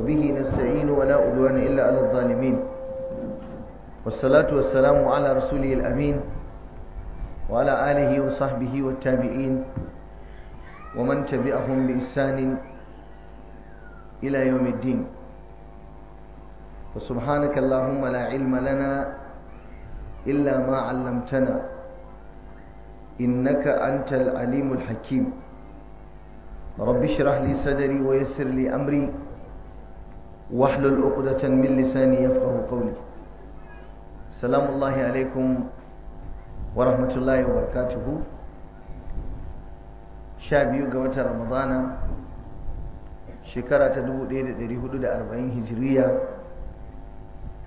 وبه نستعين ولا عدوان إلا على الظالمين والصلاة والسلام على رسوله الأمين وعلى آله وصحبه والتابعين ومن تبعهم بإحسان إلى يوم الدين وسبحانك اللهم لا علم لنا إلا ما علمتنا إنك أنت العليم الحكيم رب اشرح لي صدري ويسر لي أمري واحلل عقدة من لساني يفقه قولي سلام الله عليكم ورحمة الله وبركاته شابيو قوة رمضان شكرة تدبو ديدة دي حدود أربعين هجرية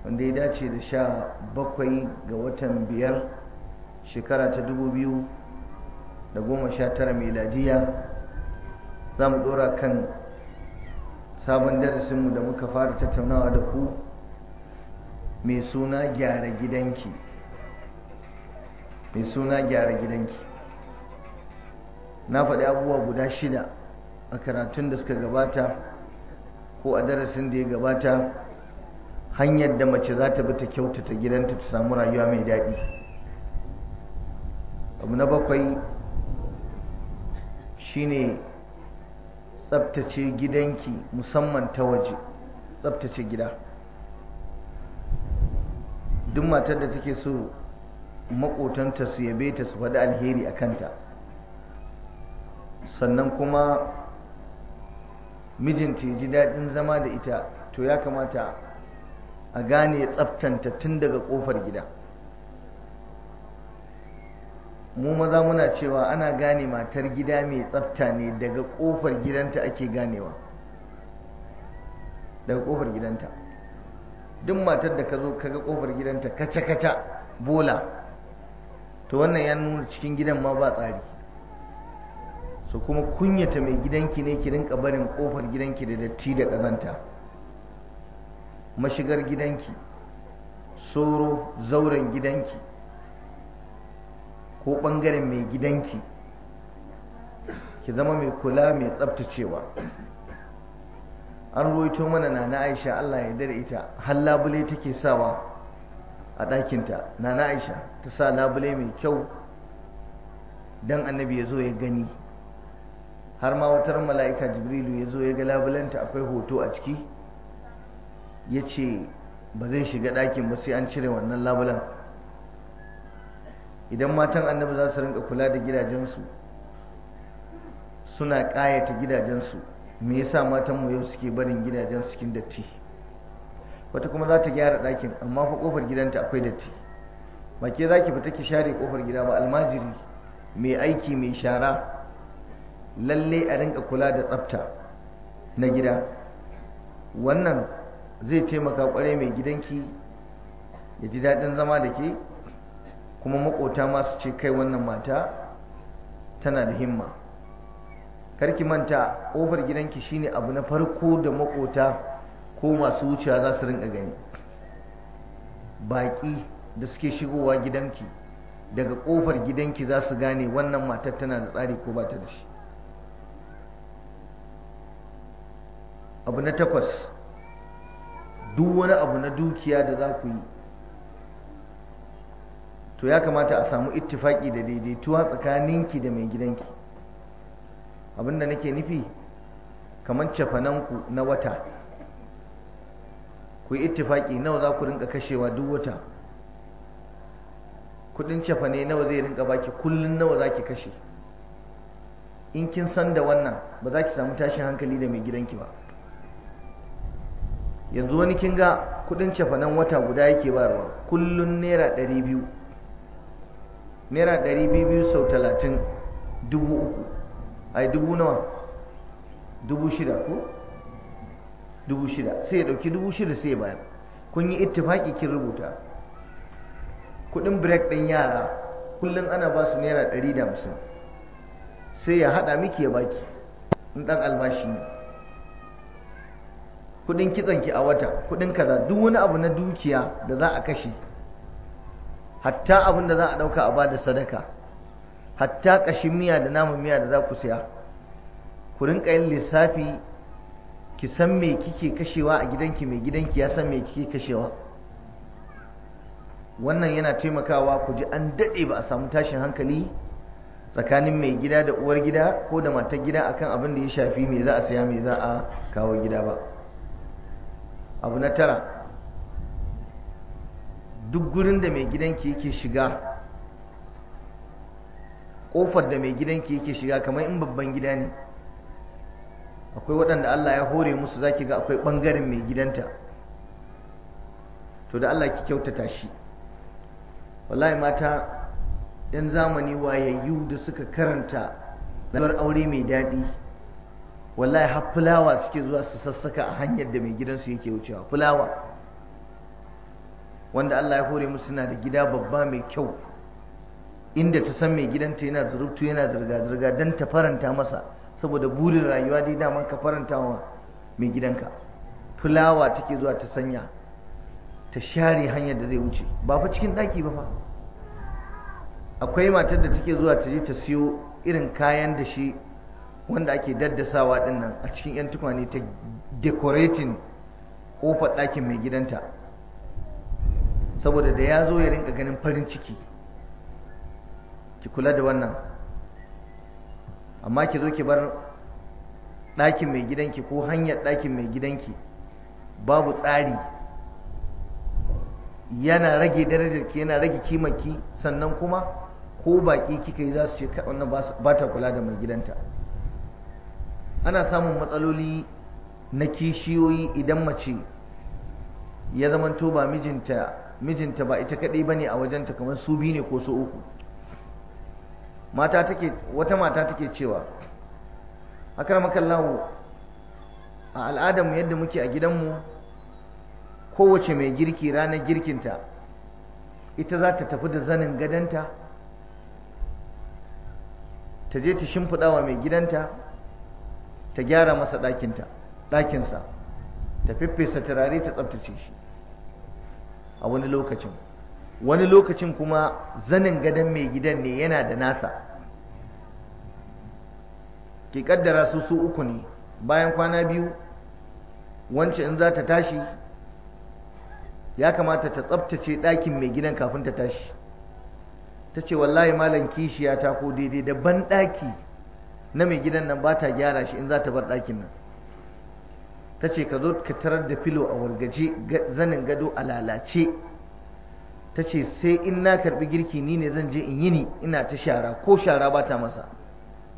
wanda ya dace da sha bakwai ga watan biyar shekara ta dubu biyu da goma sha tara meladiya za mu dora kan sabon darasinmu da muka fara tattaunawa da ku mai suna gyara gidanki mai suna gyara gidanki na faɗi abubuwa guda shida a karatun da suka gabata ko a darasin da ya gabata hanyar da mace za ta bi ta kyautata gidanta ta samu rayuwa mai daɗi abu na bakwai shine tsabtace gidanki musamman ta waje tsabtace gida duk matar da take so makotanta su yabe ta su faɗi alheri a kanta sannan kuma mijinta ya ji daɗin zama da ita to ya kamata a gane ya tsaftanta tun daga ƙofar gida mu maza muna cewa ana gane matar gida mai tsafta ne daga kofar gidanta ake ganewa daga kofar gidanta duk matar da ka zo kaga kofar gidanta kaca-kaca bola to wannan ya nuna cikin gidan ma ba tsari so kuma kunyata mai gidanki ne ki rinka barin kofar gidanki da datti da ƙazanta mashigar gidanki soro zauren gidanki ko ɓangaren mai gidanki ki zama mai kula mai tsabtacewa an ruwaito mana na aisha allah ya dare ita har labule take sawa a ɗakinta na aisha ta sa labule mai kyau don annabi ya zo ya gani har ma wutar mala'ika jibrilu ya zo ya ga labulanta akwai hoto a ciki ya ce ba zai shiga ɗakin ba sai an cire wannan labulan idan matan annabi za su rinka kula da gidajensu suna ƙayata gidajensu me yasa matan mu yau suke barin gidajen cikin datti wata kuma za ta gyara dakin amma fa ƙofar gidanta akwai datti ba ke za ki fita ki share ƙofar gida ba almajiri mai aiki mai shara lalle a rinka kula da tsafta na gida wannan zai taimaka ƙwarai mai gidanki ya ji daɗin zama da ke kuma makota ma su ce kai wannan mata tana da himma karki manta ƙofar gidanki shine abu na farko da makota ko masu wucewa za su rinka gani Baki da suke shigowa gidanki daga ƙofar gidanki za su gane wannan matar tana da tsari ko ba ta da shi abu na takwas duk wani abu na dukiya da za ku yi to ya kamata a samu ittifaki da daidaituwa tsakaninki da mai gidanki abinda nake nufi kamar cafananku na wata ku yi ittifaki nawa za ku rinka kashewa duk wata kudin cefane nawa zai rinka baki kullun nawa za ki kashe in kin san da wannan ba za ki samu tashin hankali da mai gidanki ba yanzu wani kin ga kudin cefanen wata guda yake bayarwa kullun naira ɗari biyu naira ɗari biyu sau talatin dubu uku ai dubu nawa dubu shida ko dubu shida sai ya ɗauki dubu shida sai ya bayar kun yi ittifaki kin rubuta kuɗin break ɗin yara kullum ana ba su naira ɗari da hamsin sai ya haɗa miki ya baki in ɗan albashi ne kuɗin kitsanki a wata kuɗin kaza duk wani abu na dukiya da za a kashe hatta abin da za a ɗauka a ba da sadaka hatta ƙashin miya da naman miya da za ku siya ku rinka yin lissafi ki san me kike kashewa a gidanki mai gidanki ya san me kike kashewa wannan yana taimakawa ku ji an daɗe ba a samu tashin hankali tsakanin mai gida da uwar gida ko da matar gida akan abin da ya shafi me za a saya me za a kawo gida ba abu na tara duk gurin da mai gidanki yake shiga kofar da mai gidanki yake shiga kamar in babban gida ne akwai waɗanda Allah ya hore musu zaki ga akwai ɓangaren mai gidanta to da Allah ki kyautata shi wallahi mata yan zamani wayayyu da suka karanta rayuwar aure mai daɗi wallahi har fulawa suke zuwa su sassaka a hanyar da mai gidansu yake wucewa fulawa wanda Allah ya hore musu suna da gida babba mai kyau inda ta san mai gidanta yana zurubtu yana zirga-zirga don ta faranta masa saboda burin rayuwa dai daman ka faranta wa mai gidanka fulawa take zuwa ta sanya ta share hanyar da zai wuce ba fa cikin ɗaki ba fa akwai matar da take zuwa ta je ta siyo irin kayan da shi wanda ake daddasawa dinnan a cikin 'yan tukwane ta decorating kofar ɗakin mai gidanta saboda da ya zo ya rinka ganin farin ciki ki kula da wannan amma ki zo ki bar ɗakin mai gidanki ko hanyar ɗakin mai gidanki babu tsari yana rage ki yana rage kimarki sannan kuma ko baƙi kika yi za su ce wannan ba ta kula da mai gidanta ana samun matsaloli na kishiyoyi idan mace ya zamanto ba mijinta mijinta ba ita kadai bane a wajenta kamar su biyu ne ko su uku mata take wata mata take cewa akramakallahu a al'adar yadda muke a gidanmu kowace mai girki ranar girkinta ita za ta tafi da zanin gadanta ta je ta shimfiɗa wa mai gidanta ta gyara masa ɗakinsa ta fiffesa turare ta tsabtace shi a wani lokacin wani lokacin kuma zanin gadon mai gidan ne yana da nasa ki kaddara su su uku ne bayan kwana biyu wance in za ta tashi ya kamata ta tsabtace ɗakin mai gidan kafin ta tashi ta ce wallahi malam kishiya ta ko daidai da ban ɗaki na mai gidan nan ba ta gyara shi in za ta bar ɗakin nan ta ce ka zo ka tarar da filo a wargaje zanin gado a lalace ta ce sai in na karbi girki ni ne zan je in yini ina ta shara ko shara ba ta masa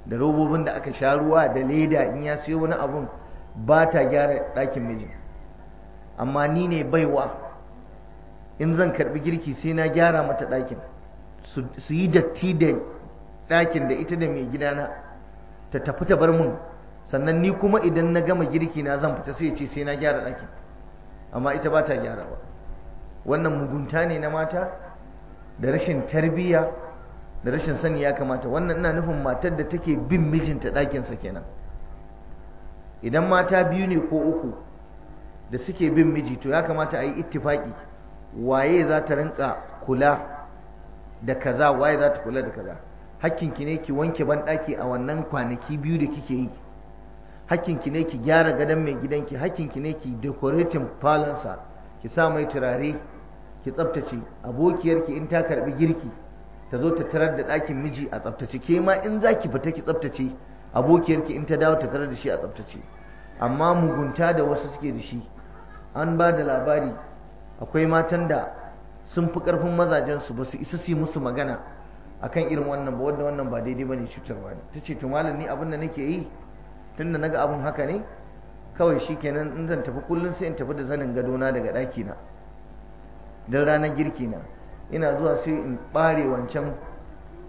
da robobin da aka sha ruwa da leda in ya siyo wani abun ba ta gyara ɗakin miji amma ni ne baiwa in zan karbi girki sai na gyara mata ɗakin su yi datti da ɗakin da ita da mai gidana ta tafi ta bar mun sannan ni kuma idan na gama girki na zan fita sai ya ce sai na gyara ɗakin amma ita ba ta gyarawa wannan mugunta ne na mata da rashin tarbiyya da rashin sani ya kamata wannan ina nufin matar da take bin mijinta ɗakinsa kenan idan mata biyu ne ko uku da suke bin miji to ya kamata a yi ittifaki waye za ta rinka kula da kaza waye za ta kula da kaza hakkinki ne ki wanke banɗaki a wannan kwanaki biyu da kike yi ki ne ki gyara gadon mai gidanki ki ne ki decorating falonsa ki sa mai turare ki tsaftace abokiyarki in ta karbi girki ta zo ta tarar da ɗakin miji a tsabtace ke ma in za ki fita ki tsaftace abokiyarki in ta dawo ta tarar da shi a tsaftace amma mugunta da wasu suke da shi an ba da labari akwai matan da sun fi ƙarfin mazajensu ba su isa su musu magana akan irin wannan ba wanda wannan ba daidai bane cutarwa ne ta ce to malam ni abin da nake yi tunda naga abun haka ne kawai shikenan in zan tafi kullum sai in tafi da zanin gadona daga daki na don ranar girki na ina zuwa sai in bare wancan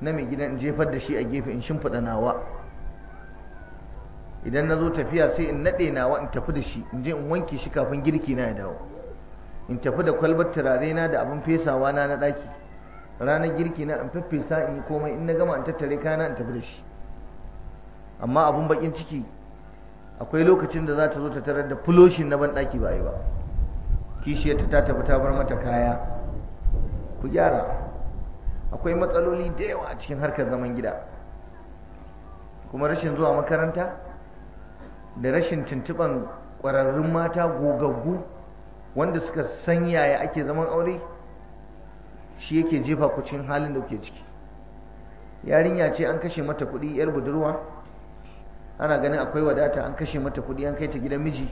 na mai gidan jefar da shi a gefe in shimfiɗa nawa idan na zo tafiya sai in nade nawa in tafi da shi in je in wanke shi kafin girki na ya dawo in tafi da kwalbar turare na da abin fesawa na na ɗaki ranar girki na in faffesa in yi komai in na gama in tattare kayana in tafi da shi amma abun bakin ciki akwai lokacin da za ta zo ta tarar da fuloshin na banɗaki ba a yi ba kishiyarta ta tafi ta bar mata kaya ku gyara akwai matsaloli da yawa a cikin harkar zaman gida kuma rashin zuwa makaranta da rashin tuntuɓan ƙwararrun mata gogaggu wanda suka san yaya ake zaman aure shi yake jefa ku halin da kuke ciki yarinya ce an kashe mata kuɗi 'yar budurwa ana ganin akwai wadata an kashe mata kuɗi an kai ta gidan miji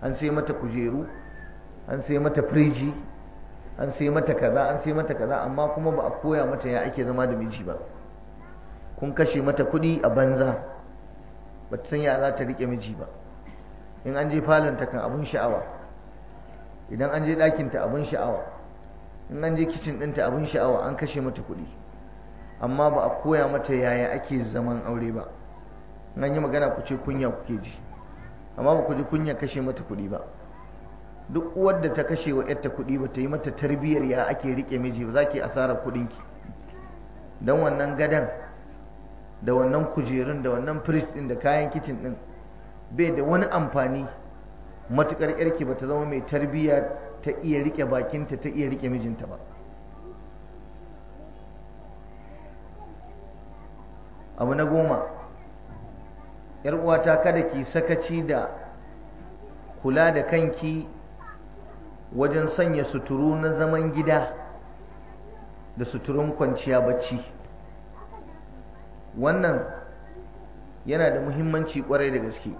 an sai mata kujeru an sai mata firiji an sai mata kaza an sai mata kaza amma kuma ba a koya mata ya ake zama da miji ba kun kashe mata kuɗi a banza ba ta san ya za ta riƙe miji ba in an je falonta kan abin sha'awa idan an je ɗakinta abin sha'awa in an je kicin ɗinta abin sha'awa an kashe mata kuɗi amma ba a koya mata yaya ake zaman aure ba nan yi magana ku ce kunya kuke ji amma ba ku ji kunya kashe mata kuɗi ba duk uwar ta kashe wa yarta kuɗi ba ta yi mata tarbiyyar ya ake rike miji ba za ki asarar kuɗinki don wannan gadan da wannan kujerun da wannan firij ɗin da kayan kicin ɗin bai da wani amfani matukar yarki ba ta zama mai tarbiyya ta iya rike bakinta ta iya rike mijinta ba abu na goma yar uwata kada ki sakaci da kula da kanki wajen sanya suturu na zaman gida da suturun kwanciya bacci wannan yana da muhimmanci kwarai da gaske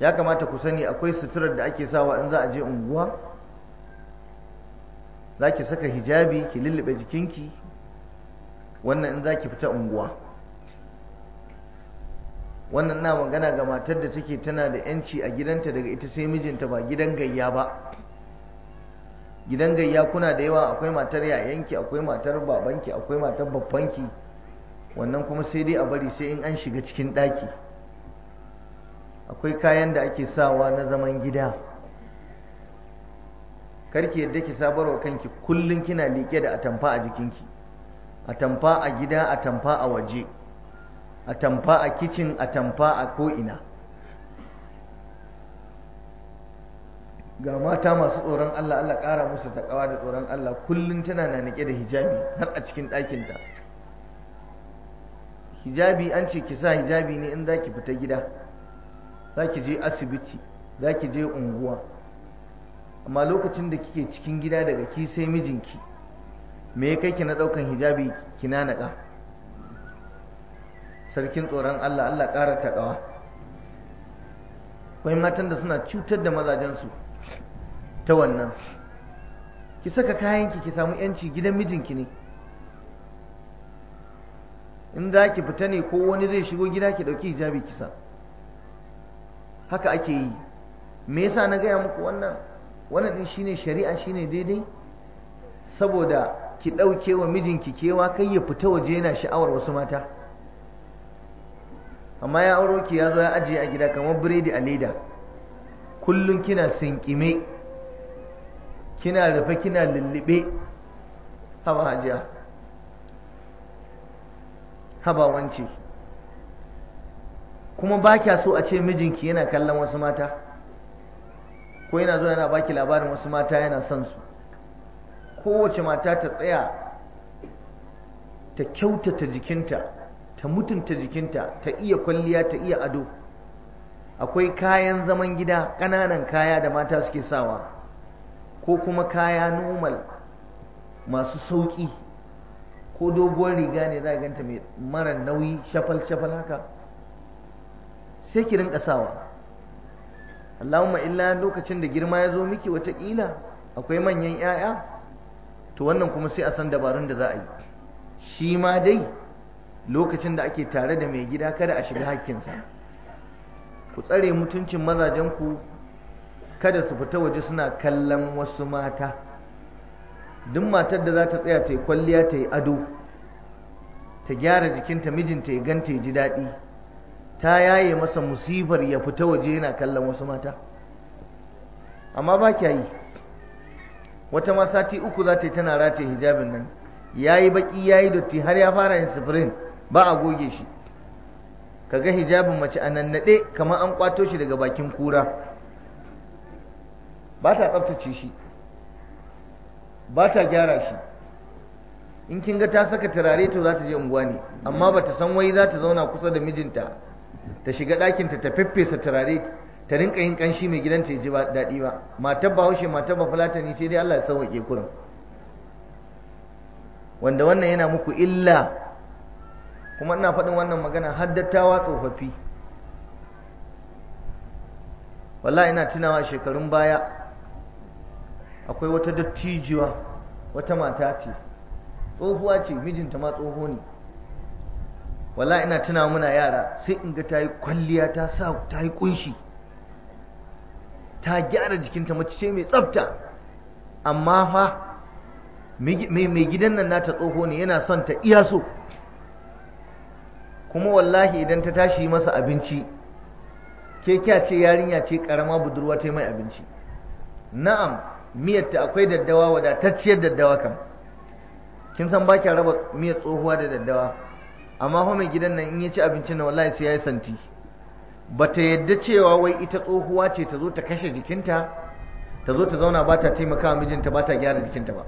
ya kamata ku sani akwai suturar da ake sawa in za a je unguwa za ki saka hijabi ki lullube jikinki wannan in za ki fita unguwa wannan na magana ga matar da take tana da yanci a gidanta daga ita sai mijinta ba gidan gayya ba gidan gayya kuna da yawa akwai matar yayanki akwai matar babanki akwai matar babbanki wannan kuma sai dai a bari sai in an shiga cikin ɗaki akwai kayan da ake sawa na zaman gida karki yadda ki sabarwa kanki kullum kina liƙe da atamfa a jikinki atamfa a gida atamfa a waje a tamfa a kicin a tamfa a ko'ina ga mata masu tsoron Allah Allah ƙara musu taƙawa da tsoron Allah kullum tana na nike da hijabi har a cikin ɗakinta hijabi an ce ki hijabi ne in za ki fita gida za ki je asibiti za ki je unguwa amma lokacin da kike cikin gida daga ki sai mijinki me ya kai ki na ɗaukan hijabi ki nanaka? sarkin tsoron Allah Allah ƙara kaɗawa akwai matan da suna cutar da mazajensu ta wannan ki saka kayanki ki samu yanci gidan mijinki ne in za ki fita ne ko wani zai shigo gida ki ɗauki hijabi kisa haka ake yi me yasa na gaya muku wannan wannan din shine shari'a shine daidai saboda ki ɗauke wa mijinki kewa kai ya fita waje yana sha'awar wasu mata amma ya auro ki ya zo ya ajiye a gida kamar biredi a leda kullum kina sinkime kina rufe kina lullube haba hajiya haba wance kuma ba kya so a ce mijinki yana kallon wasu mata ko yana zo yana baki labarin wasu mata yana son su kowace mata ta tsaya ta kyautata jikinta ta mutunta jikinta ta iya kwalliya ta iya ado akwai kayan zaman gida ƙananan kaya da mata suke sawa ko kuma kaya normal masu sauƙi ko doguwar riga ne za a ganta mai mara nauyi shafal-shafal haka sai ki rinka sawa Allahumma illa lokacin da girma ya zo miki watakila akwai manyan 'ya'ya to wannan kuma sai a san dabarun da za a yi shi ma dai lokacin da ake tare da mai gida kada a shiga hakkinsa ku tsare mutuncin mazajenku kada su fita waje suna kallon wasu mata duk matar da za ta tsaya ta yi kwalliya ta yi ado ta gyara jikinta mijinta ya ganta ya ji daɗi ta yaye masa musifar ya fita waje yana kallon wasu mata amma ba kya yi wata ma sati uku za ta yi tana rataye hijabin nan ya yi baƙi ya yi dotti har ya fara yin sifirin ba a goge shi Ka ga hijabin mace a nan nannaɗe kamar an kwato shi daga bakin kura ba ta tsaftace shi ba ta gyara shi in kin ga ta saka turare to za ta je unguwa ne amma ba ta san wai za ta zauna kusa da mijinta ta shiga ɗakinta ta feffesa turare ta rinka yin ƙanshi mai gidanta ya ji daɗi ba Mata ba haushe mata ba ne sai dai Allah ya sauwaƙe kurin wanda wannan yana muku illa kuma ina faɗin wannan magana haddatawa tsofaffi wallahi ina tunawa shekarun baya akwai wata dattijuwa wata mata ce tsohuwa ce mijinta ma tsoho ne wallahi ina tunawa muna yara sai in ga ta yi kwalliya ta sa ta yi kunshi ta gyara jikinta mace ce mai tsafta amma fa mai gidan nan nata tsoho ne yana son ta iya so kuma wallahi idan ta tashi masa abinci ke kya ce yarinya ce karama budurwa ta mai abinci na'am miyar ta akwai daddawa wadatacciyar daddawa kam kin san ba raba miyar tsohuwa da daddawa amma fa mai gidan nan in ya ci abincin nan wallahi sai yi santi Ba ta yadda cewa wai ita tsohuwa ce ta zo ta kashe jikinta ta zo ta zauna ba ta taimaka mijinta ba ta gyara jikinta ba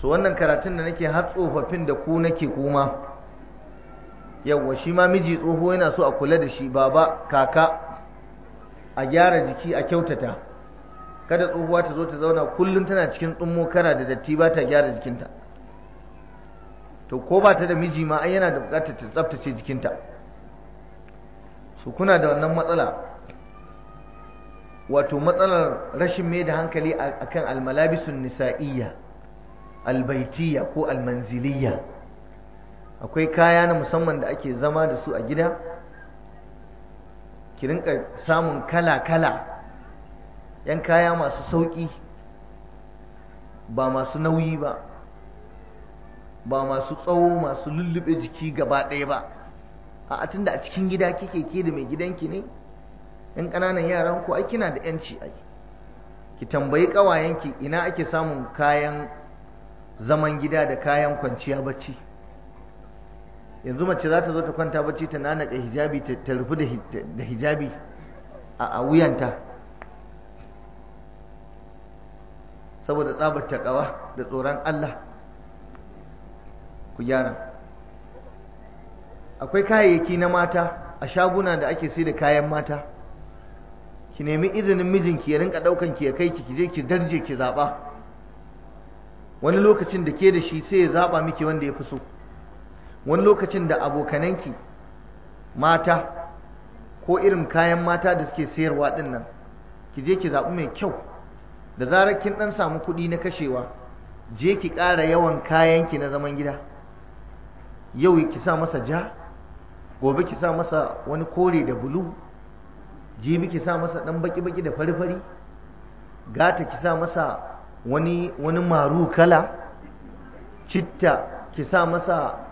so wannan karatun da nake har tsofaffin da ku nake kuma yawwa shi ma miji tsoho yana so a kula da shi baba kaka a gyara jiki a kyautata kada tsohuwa ta zo ta zauna kullum tana cikin tsummo kara da datti ba ta gyara jikinta to ko ba ta da miji ma ai yana da bukatar ta tsaftace jikinta su kuna da wannan matsala wato matsalar rashin mai da hankali akan almalabisun nisa'iyya albaitiyya ko almanziliyya akwai kaya na musamman da ake zama da su a gida ki rinka samun kala-kala yan kaya masu sauƙi ba masu nauyi ba ba masu tsawo masu lullube jiki gaba ɗaya ba a tunda a cikin gida kike ke da mai gidanki ne yan ƙananan yaran ko ai kina da yanci ai ki tambayi ƙawayenki ina ake samun kayan zaman gida da kayan kwanciya bacci yanzu mace za ta zo ta kwanta bacci ta nanaka hijabi ta rufu da hijabi a wuyanta saboda tsabar takawa da tsoron Allah ku gyara akwai kayayyaki na mata a shaguna da ake sai da kayan mata ki nemi izinin mijinki ya rinka ɗaukan ki ya kai ki je ki darje ki zaɓa wani lokacin da ke da shi sai ya zaba miki wanda ya fi so wani lokacin da abokananki mata ko irin kayan mata da suke sayarwa din nan ki je ki zaɓi mai kyau da zarar kin ɗan samu kuɗi na kashewa je ki ƙara yawan kayanki na zaman gida yau ki sa masa ja gobe ki sa masa wani kore da bulu jibi ki sa masa ɗan baki-baki da fari-fari gata ki sa masa wani, wani maru kala citta ki sa masa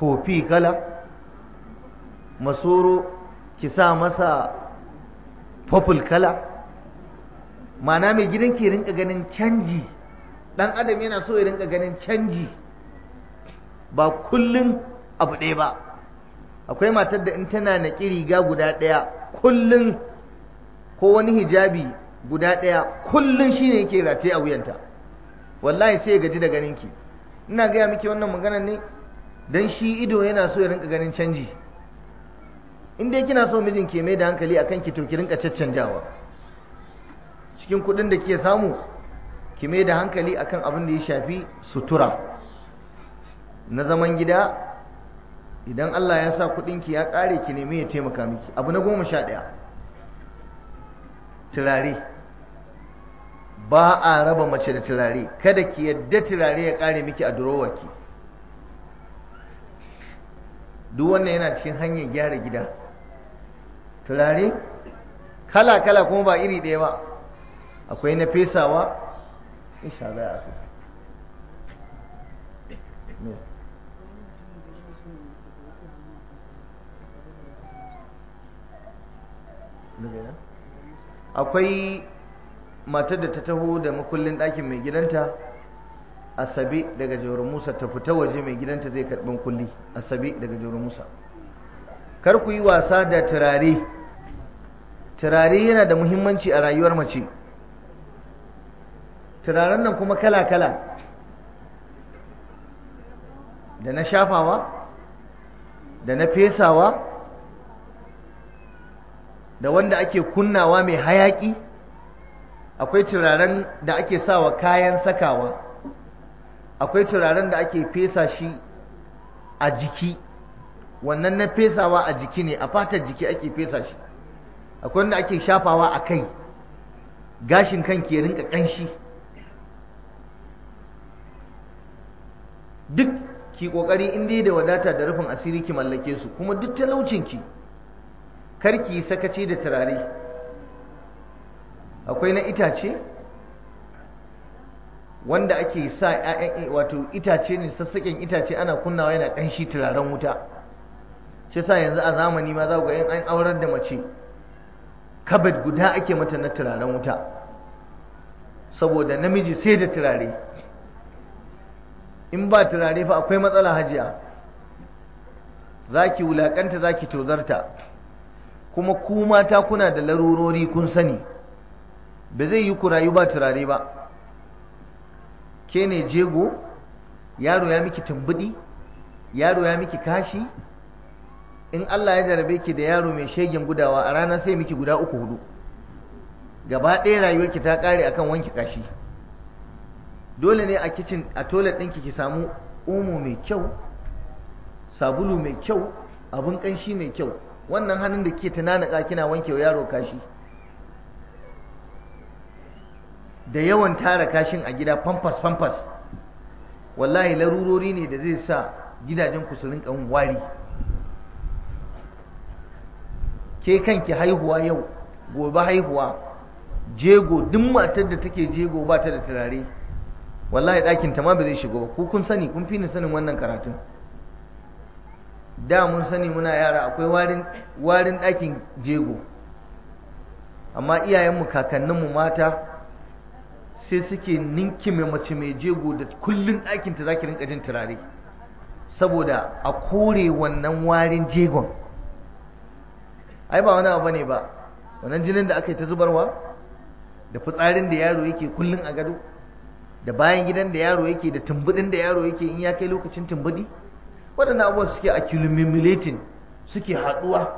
kofi kala masoro ki sa masa purple kala mana mai gidan ke rinka ganin canji dan adam yana so ya rinka ganin canji ba kullum abu ɗaya ba akwai matar da in tana na riga guda ɗaya kullum ko wani hijabi guda ɗaya kullum shine yake rataye a wuyanta wallahi sai ya gaji da ganin ki. ina gaya miki wannan magana ne don shi ido yana so ya rinka ganin canji in dai kina so mijin ke mai da hankali a kanki to ki rinka caccanjawa cikin kuɗin da ke samu ki mai da hankali akan abin da ya shafi sutura na zaman gida idan Allah ya sa kuɗinki ya ƙare ki neme ya taimaka miki abu na goma sha ɗaya turare ba a raba mace da turare kada ki yadda turare ya kare miki a durowarki duk wannan yana cikin hanyar gyara gida turare kala kala kuma ba iri ɗaya ba akwai na fesawa insha za a akwai matar da ta taho da makullin ɗakin mai gidanta asabe daga jawar musa ta fita waje mai gidanta zai karɓin kulli asabe daga jawar musa kar ku yi wasa da turare turare yana da muhimmanci a rayuwar mace turaren nan kuma kala-kala da na shafawa da na fesawa da wanda ake kunnawa mai hayaƙi, akwai turaren da ake sawa kayan sakawa akwai turaren da ake fesa shi a jiki wannan na fesawa a jiki ne a fatar jiki ake fesa shi akwai wanda ake shafawa a kai gashin kan ke rinka ƙanshi duk ki ƙoƙari in dai da wadata da rufin asiri ki mallake su kuma duk talaucinki kar ki yi sakaci da turare akwai na itace wanda ake sa ƴaƴan eh, wato itace ne sassaken itace ana kunnawa yana ɗan shi turaren wuta shi sa yanzu a zamani ma za ku ga an aurar da mace kabad guda ake mata na turaren wuta saboda namiji sai da turare in ba turare fa akwai matsala hajiya za ki wulaƙanta za ki tozarta kuma ku mata kuna da larurori kun sani ba zai yi ku rayu ba turare ba ke ne jego yaro ya miki tumbudi yaro ya miki kashi in Allah ya jarabe ki da yaro mai shegen gudawa a rana sai miki guda uku hudu gaba ɗaya rayuwarki ta ƙare akan wanke kashi dole ne a kicin a toilet ɗinki ki samu omo mai kyau sabulu mai kyau abin ƙanshi mai kyau wannan hannun da ke ta nanaka kina wanke yaro kashi da yawan tara kashin a gida famfas famfas wallahi larurori ne da zai sa gidajen ku su rinka wari ke kanki haihuwa yau gobe haihuwa jego duk matar da take jego ba ta da turare wallahi ɗakin ta ma ba zai shigo ba ku kun sani kun fini sanin wannan karatun da mun sani muna yara akwai warin ɗakin jego amma iyayenmu kakanninmu mata sai suke ninki mai mace mai jego da kullun ɗakinta za ki rinka jin turare saboda a kore wannan warin jegon ai ba wani abu ne ba wannan jinin da aka yi ta zubarwa da fitsarin da yaro yake kullun a gado da bayan gidan da yaro yake da tumbudin da yaro yake in ya kai lokacin tumbudi waɗannan abubuwan suke a accumulating suke haɗuwa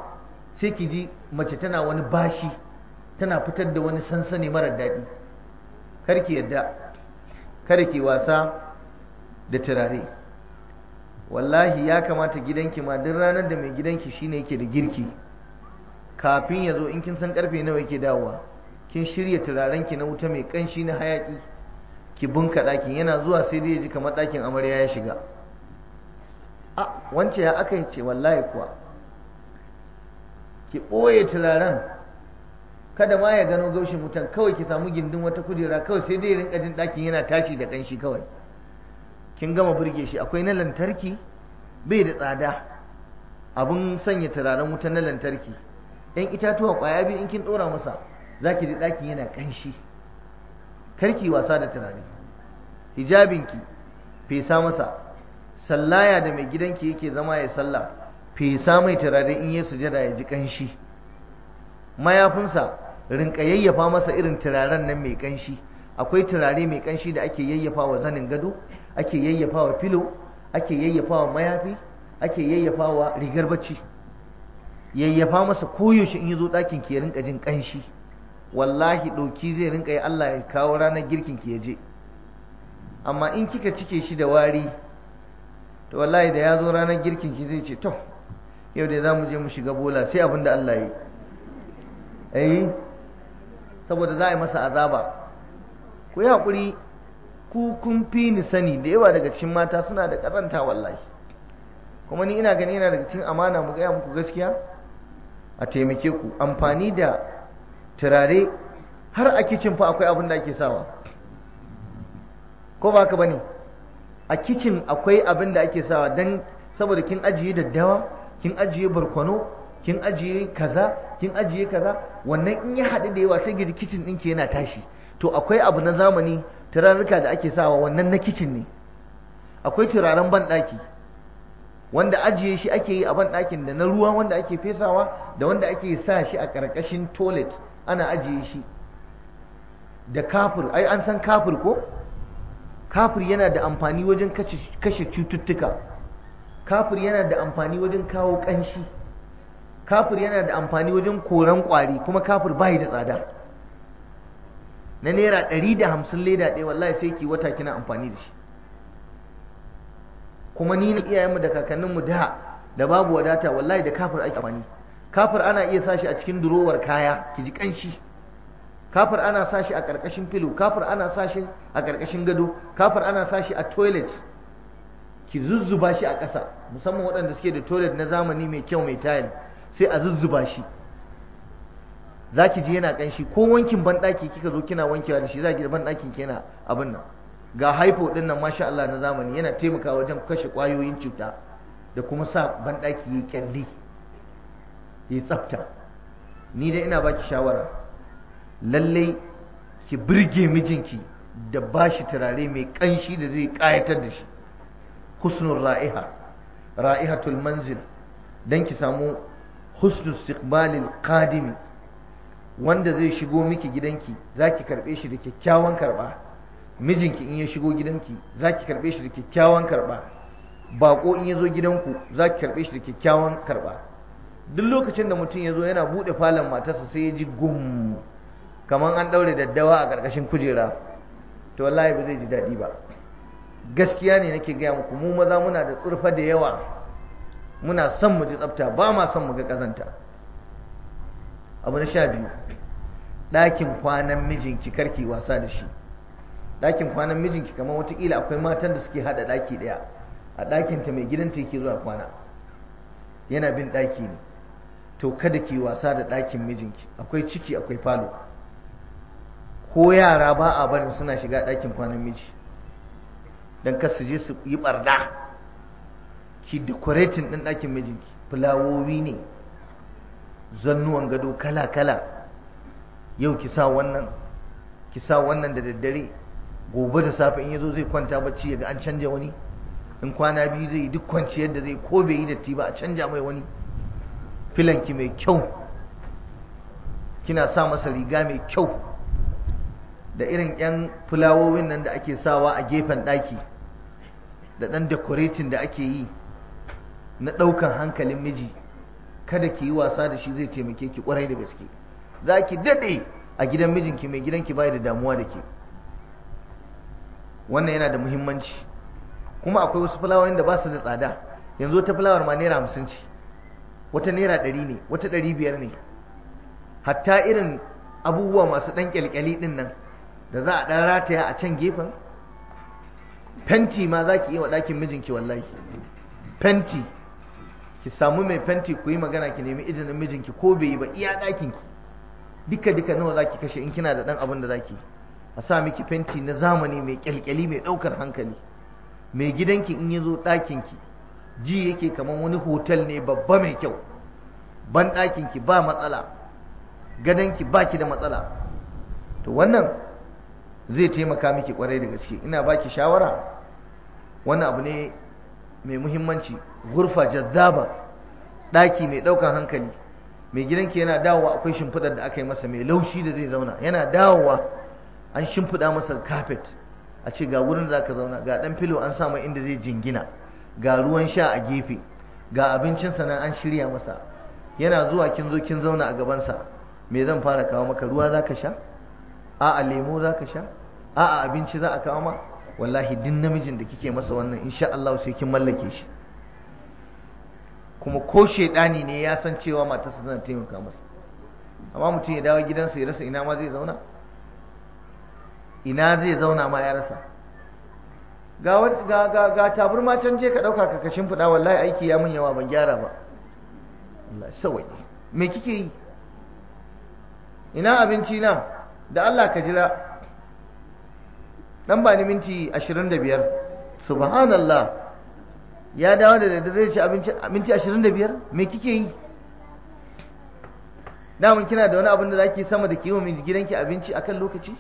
sai ki ji mace tana wani bashi tana fitar da wani sansani marar daɗi karki yadda karki wasa da turare wallahi ya kamata gidanki ma duk ranar da mai gidanki shine yake da girki kafin ya zo in kin san karfe nawa yake dawowa kin shirya turarenki na wuta mai kanshi na hayaki ki bunka ɗakin yana zuwa sai dai ya ji kamar ɗakin amarya ya shiga a wance ya aka ce wallahi kuwa ki ɓoye turaren kada ma ya gano gaushin mutan kawai ki samu gindin wata kujera kawai sai dai rinka jin ɗakin yana tashi da ƙanshi kawai kin gama burge shi akwai na lantarki bai da tsada abun sanya turaren wuta na lantarki yan itatuwa ƙwaya biyu in kin ɗora masa za ki ji ɗakin yana ƙanshi karki wasa da turare hijabinki fesa masa sallaya da mai gidanki yake zama ya sallah fesa mai turare in ya sujada ya ji ƙanshi mayafinsa rinka yayyafa masa irin turaren nan mai kanshi akwai turare mai kanshi da ake yayyafa wa zanin gado ake yayyafa wa filo ake yayyafa wa mayafi ake yayyafa wa rigar bacci yayyafa masa koyaushe in ya zo ɗakin ki ya rinka jin kanshi wallahi ɗauki zai rinka yi Allah ya kawo ranar girkin ki ya je amma in kika cike shi da wari to wallahi da ya zo ranar girkin ki zai ce to yau da za mu je mu shiga bola sai abin da Allah ya yi eh? saboda za a yi masa azaba ku yi haƙuri ku kun fi ni sani da yawa daga cikin mata suna da ƙazanta wallahi kuma ni ina gani yana daga cikin amana mu gaya muku gaskiya a taimake ku amfani da turare har a kicin fa akwai abin da ake sawa ko ba ka bane a kicin akwai abin da ake sawa don saboda kin ajiye daddawa kin ajiye barkwano kin ajiye kaza kin ajiye kaza wannan in ya haɗu da yawa sai gidi kitchen ɗinki yana tashi to akwai abu na zamani turarruka da ake sawa wannan na kicin ne akwai turaren banɗaki wanda ajiye shi ake yi a banɗakin da na ruwa wanda ake fesawa da wanda ake sa shi a ƙarƙashin toilet ana ajiye shi da kafir ai an san kafir ko kafir yana da amfani wajen kashe cututtuka kafir yana da amfani wajen kawo ƙanshi kafir yana da amfani wajen koran kwari kuma kafir bai da tsada na naira ɗari da hamsin leda ɗaya wallahi sai ki wata kina amfani da shi kuma ni na iyayenmu da kakanninmu da da babu wadata wallahi da kafir ake amfani kafir ana iya sashi a cikin durowar kaya ki ji kanshi kafir ana sashi a ƙarƙashin filo kafir ana sashi a ƙarƙashin gado kafir ana sashi a toilet ki zuzzuba shi a ƙasa musamman waɗanda suke da toilet na zamani mai kyau mai tayil sai a zuzzuba shi za ki ji yana ƙanshi ko wankin banɗaki kika zo kina wankewa da shi za ki da banɗakin yana abin nan ga haifo ɗin nan masha Allah na zamani yana taimakawa wajen kashe ƙwayoyin cuta da kuma sa banɗaki ya kyalli ya tsafta ni dai ina baki shawara lallai ki birge mijinki da bashi turare mai kanshi da zai ƙayatar da shi husnul ra'iha ra'ihatul manzil dan ki samu husnul istiqbalil qadimi wanda zai shigo miki gidanki zaki karbe shi da kyakkyawan karba mijinki in ya shigo gidanki zaki karbe shi da kyakkyawan karba bako in ya zo gidanku zaki karbe shi da kyakkyawan karba duk lokacin da mutum ya zo yana bude falon matarsa sai ya ji gum kamar an daure daddawa a karkashin kujera to wallahi ba zai ji daɗi ba gaskiya ne nake gaya muku mu maza muna da tsurfa da yawa muna son mu ji tsafta ba ma son mu ga kazanta abu na sha biyu ɗakin kwanan mijinki karki wasa da shi ɗakin kwanan mijinki kamar watakila akwai matan da suke haɗa ɗaki ɗaya a ɗakinta mai gidanta yake zuwa kwana yana bin ɗaki ne to kada ki wasa da ɗakin mijinki akwai ciki akwai falo ko yara ba a barin suna shiga ɗakin kwanan miji don kar su je su yi ɓarda. ki decorating ɗin ɗakin mijinki fulawowi ne zannuwan gado kala kala yau ki sa wannan ki sa wannan da daddare gobe da safe in yazo zai kwanta bacci yaga an canja wani in kwana biyu zai duk kwanciyar da zai ko bai yi datti ba a canja mai wani filanki mai kyau kina sa masa riga mai kyau da irin 'yan fulawowin nan da ake sawa a gefen ɗaki da ɗan decorating da ake yi na ɗaukan hankalin miji kada ki yi wasa da shi zai taimake ki ƙwarai da gaske za ki daɗe a gidan mijinki mai gidanki bai da damuwa da ke wannan yana da muhimmanci kuma akwai wasu fulawoyin da ba su da tsada yanzu ta fulawar ma naira hamsin ce wata naira ɗari ne wata ɗari biyar ne hatta irin abubuwa masu ɗan ƙyalƙyali ɗin nan da za a ɗan rataya a can gefen fenti ma za ki yi wa ɗakin mijinki wallahi fenti ki samu mai fenti ku yi magana ki nemi izinin mijinki ko bai yi ba iya ɗakin ki duka duka nawa zaki kashe in kina da ɗan abin da zaki a sa miki fenti na zamani mai kyalkyali mai ɗaukar hankali mai gidanki in ya zo ɗakin ki ji yake kamar wani hotel ne babba mai kyau ban ɗakin ki ba matsala gadon ki ba ki da matsala to wannan zai taimaka miki kwarai da gaske ina baki shawara wani abu ne mai muhimmanci gurfa jazzaba ɗaki mai ɗaukan hankali mai gidanki yana dawowa akwai shimfiɗar da aka yi masa mai laushi da zai zauna yana dawowa an shimfida masa kafet a ce ga wurin da zaka zauna ga ɗan filo an sa inda zai jingina ga ruwan sha a gefe ga abincin nan an shirya masa yana zuwa kin zo kin zauna a gabansa me zan fara kawo maka ruwa zaka sha a a lemo zaka sha a abinci za a kawo ma wallahi din namijin da kike masa wannan insha Allah sai kin mallake shi kuma ko shedani ne ya san cewa matarsa tana taimaka masa amma mutum ya dawo gidansa ya rasa ina ma zai zauna ina zai zauna ma ya rasa ga ga ga, ga taburma can je ka dauka ka kashin fada wallahi aiki ya mun yawa ban gyara ba wallahi sawai me kike yi ina abinci na da Allah ka jira dan ba ni minti 25 subhanallah ya dawo da zai ci abinci minti 25 me kike yi mun kina da wani abin da zaki sama da kiwo min gidanki abinci akan lokaci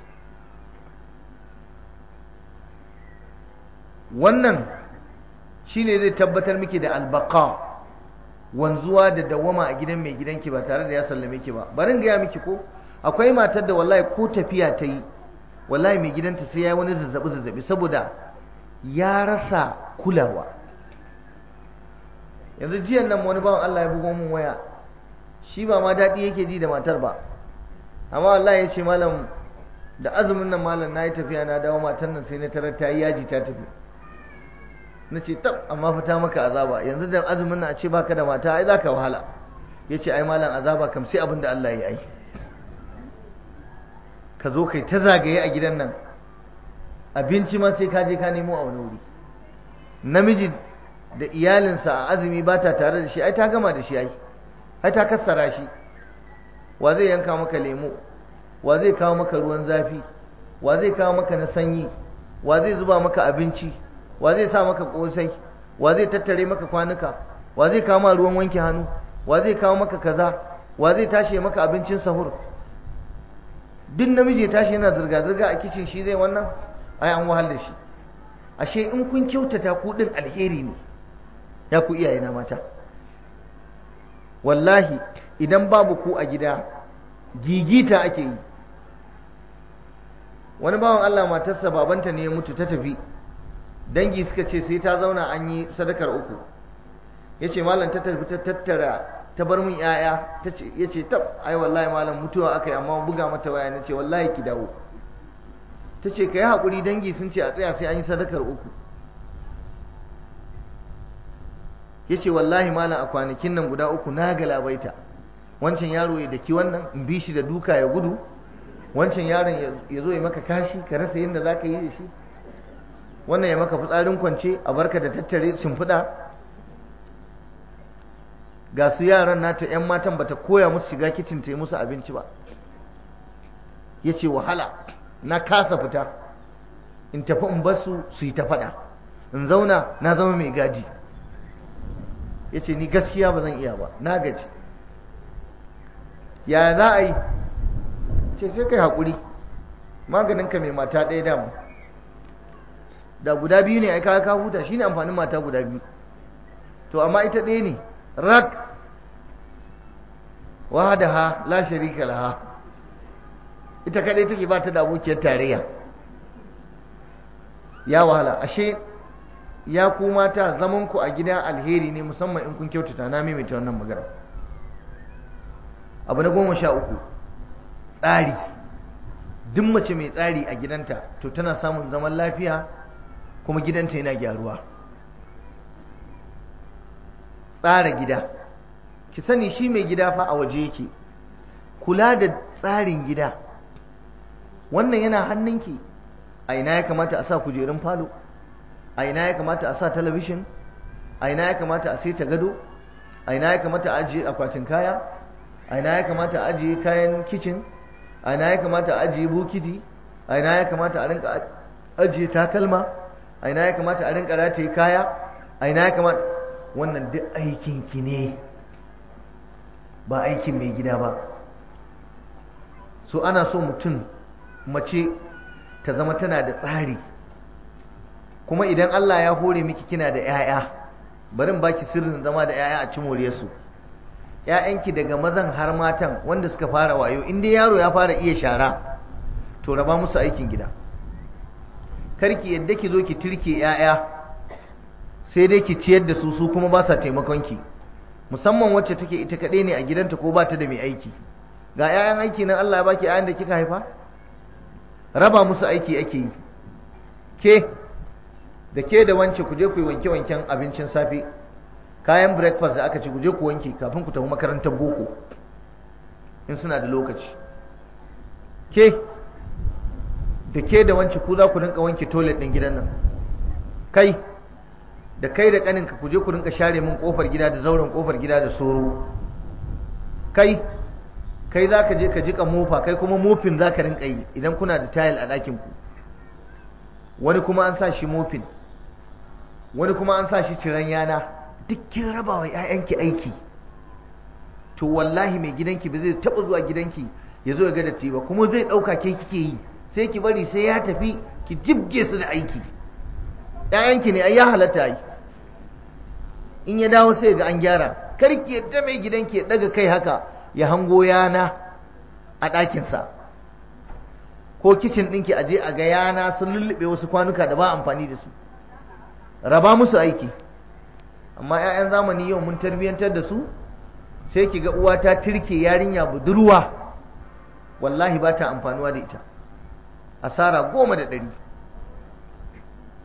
wannan shine zai tabbatar miki da albaqa wanzuwa da dawama a gidan mai gidanki ba tare da ya sallame ki ba barin gaya miki ko akwai matar da wallahi ko tafiya ta yi wallahi mai gidanta sai ya yi wani zazzabi zazzabi saboda ya rasa kulawa yanzu jiyan nan wani bawan Allah ya bugo mun waya shi ba ma daɗi yake ji da matar ba amma wallahi ya ce malam da azumin nan malam na yi tafiya na dawo matar nan sai na tarar ta yi yaji ta tafi na ce tab amma fita maka azaba yanzu da azumin nan a ce baka da mata ai za ka wahala ya ce ai malam azaba kam sai abin da Allah ya yi ka zo kai ta zagaye a gidan nan abinci ma sai ka je ka nemo a wani wuri namiji da iyalinsa a azumi ba ta tare da shi ai ta gama da shi ai ai ta kassara shi wa zai yanka maka lemo wa zai kawo maka ruwan zafi wa zai kawo maka na sanyi wa zai zuba maka abinci wa zai sa maka kosai wa zai tattare maka kwanuka wa zai kawo ruwan wanke hannu wa zai kawo maka kaza wa zai tashe maka abincin sahur duk namiji tashi yana zirga-zirga a kicin shi zai wannan ai an wahal da shi ashe in kun kyautata ku din alheri ne ya ku iyaye na mata wallahi idan babu ku a gida gigita ake yi wani bawan Allah matarsa babanta ne ya mutu ta tafi dangi suka ce sai ta zauna an yi sadakar uku yace ce malam ta tafi ta tattara ta bar min yaya ya ce tab ai wallahi malam mutuwa aka yi amma buga mata waya na ce wallahi ki dawo ta ce ka yi haƙuri dangi sun ce a tsaya sai an yi sadakar uku ya ce wallahi malam a kwanakin nan guda uku na galabaita wancan yaro ya daki wannan in bi shi da duka ya gudu wancan yaron ya zo ya maka kashi ka rasa yadda za ka yi da shi wannan ya maka fitsarin kwance a barka da tattare shimfiɗa ga su yaran nata yan matan bata koya musu shiga kicin ta yi musu abinci ba yace wahala na kasa fita in tafi in bar su su yi ta faɗa in zauna na zama mai gadi yace ni gaskiya ba zan iya ba na gaji ya za a yi ce sai kai haƙuri ka mai mata ɗaya dama da guda biyu ne ai ka huta ne amfanin mata guda biyu to amma ita ɗaya ne rak wahadaha la sharika laha ita kadai take ba ta da abokiyar tarayya ya wahala ashe ya kuma ta zaman ku a gida alheri ne musamman in kun kyautata na maimaita wannan magana abu na goma sha uku tsari duk mace mai tsari a gidanta to tana samun zaman lafiya kuma gidanta yana gyaruwa tsara gida ki sani shi mai gida fa a waje yake kula da tsarin gida wannan yana hannunki a ina ya kamata a sa kujerun falo a ina ya kamata a sa talabishin a ina ya kamata a ta gado a ina ya kamata a ajiye akwatin kaya a ina ya kamata a ajiye kayan kicin a ina ya kamata a ajiye bokiti a ina ya kamata a rinka ajiye takalma a ina ya kamata a rinka rataye kaya a ina ya kamata wannan duk aikin ki ne ba aikin mai gida ba so ana so mutum mace ta zama tana da tsari kuma idan Allah ya hore miki kina da 'ya'ya barin baki sirrin zama da 'ya'ya a ci su. ‘ya'yanki daga mazan har matan wanda suka fara wayo inda yaro ya fara iya shara to raba musu aikin gida karki yadda ki zo ki turke ‘ya'ya sai dai ki ciyar da su su kuma ba sa taimakon ki musamman wacce take ita kaɗai ne a gidanta ko ba ta da mai aiki ga 'ya'yan aiki nan Allah ya baki 'ya'yan da kika haifa raba musu aiki ake yi ke da ke da wance ku je ku yi wanke-wanken abincin safe kayan breakfast da aka ci ku je ku wanke kafin ku tafi makarantar boko in suna da lokaci ke da ke da wance ku za ku rinka wanke toilet din gidan nan kai da kai da kaninka ku je ku rinka share min kofar gida da zauren kofar gida da soro kai kai za ka je ka jika mofa kai kuma mofin za ka rinka yi idan kuna da tile a ɗakin ku wani kuma an sa shi mofin wani kuma an sa shi ciran yana duk kin raba wa 'ya'yanki aiki to wallahi mai gidanki ba zai taɓa zuwa gidanki ya zo ya ga datti ba kuma zai ɗauka ke kike yi sai ki bari sai ya tafi ki jibge su da aiki ‘ya'yanki ne ai ya halatta yi in ya dawo sai ga an gyara kar karki yadda mai gidanki ya daga kai haka ya hango yana a ɗakinsa ko kicin ɗinki aje a ga yana sun lullube wasu kwanuka da ba amfani da su raba musu aiki amma 'ya'yan zamani yau mun tarbiyyantar da su sai ki ga uwa ta tirke yarinya budurwa wallahi ba ta amfanuwa da ita asara goma da ɗari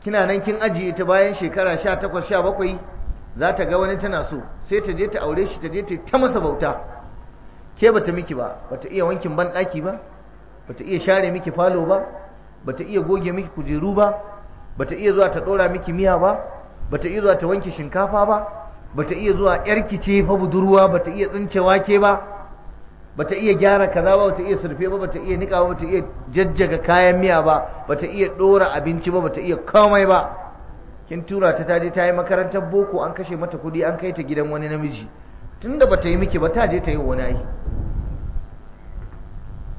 kina nan kin ajiye ta bayan shekara sha takwas sha bakwai za ta ga wani tana so sai ta je ta aure shi ta je ta ta masa bauta ke bata miki ba bata iya wankin ban daki ba bata iya share miki falo ba bata iya goge miki kujeru ba bata iya zuwa ta dora miki miya ba bata iya zuwa ta wanke shinkafa ba bata iya zuwa yarki ce fa budurwa bata iya tsince wake ba bata iya gyara kaza ba bata iya surfe ba bata iya nika ba bata iya jajjaga kayan miya ba bata iya dora abinci ba bata iya komai ba kin tura ta taje ta yi makarantar boko an kashe mata kudi an kai ta gidan wani namiji tunda ba ta yi miki ba ta je ta yi wani ai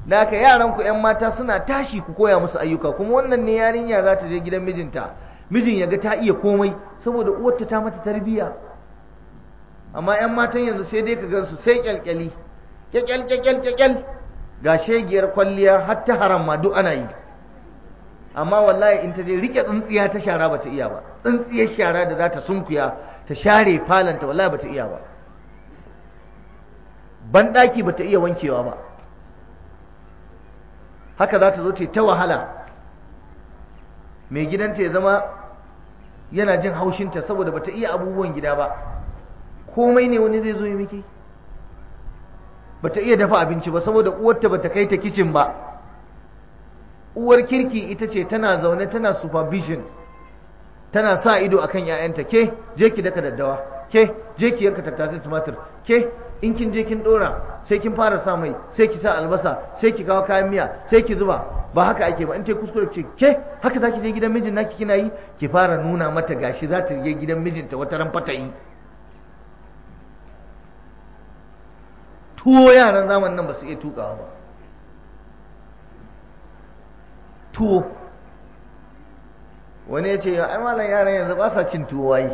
da yaran ku yan mata suna tashi ku koya musu ayyuka kuma wannan ne yarinya za ta je gidan mijinta mijin ya ga ta iya komai saboda uwarta ta mata tarbiyya amma yan matan yanzu sai dai ka gansu sai kyalkyali kyalkyal kyalkyal kyalkyal ga shegiyar kwalliya har ta haram ma duk ana yi amma wallahi in ta je rike tsintsiya ta shara bata iya ba tsintsiyar shara da za ta sunkuya ta share falanta wallahi bata iya ba banɗaki ta iya wankewa ba haka za ta zo ta ta wahala mai gidanta ya zama yana jin haushinta saboda ba ta iya abubuwan gida ba komai ne wani zai zo yi miki ta iya dafa abinci ba saboda uwarta ba ta kai ta kicin ba uwar kirki ita ce tana zaune tana supervision tana sa ido akan 'ya'yanta ke je ki daka daddawa ke je ki yanka tattasai tumatir ke in kin je kin dora sai kin fara sa mai sai ki sa albasa sai ki kawo kayan miya sai ki zuba ba haka ake ba in te kuskure ce ke haka zaki je gidan mijin naki kina yi ki fara nuna mata gashi za ta je gidan mijinta wata ran fata yi tuwo yaran zamanin nan ba su iya tukawa ba tuwo wani ya ce yau, ai malam yaran yanzu ba sa cin tuwo wai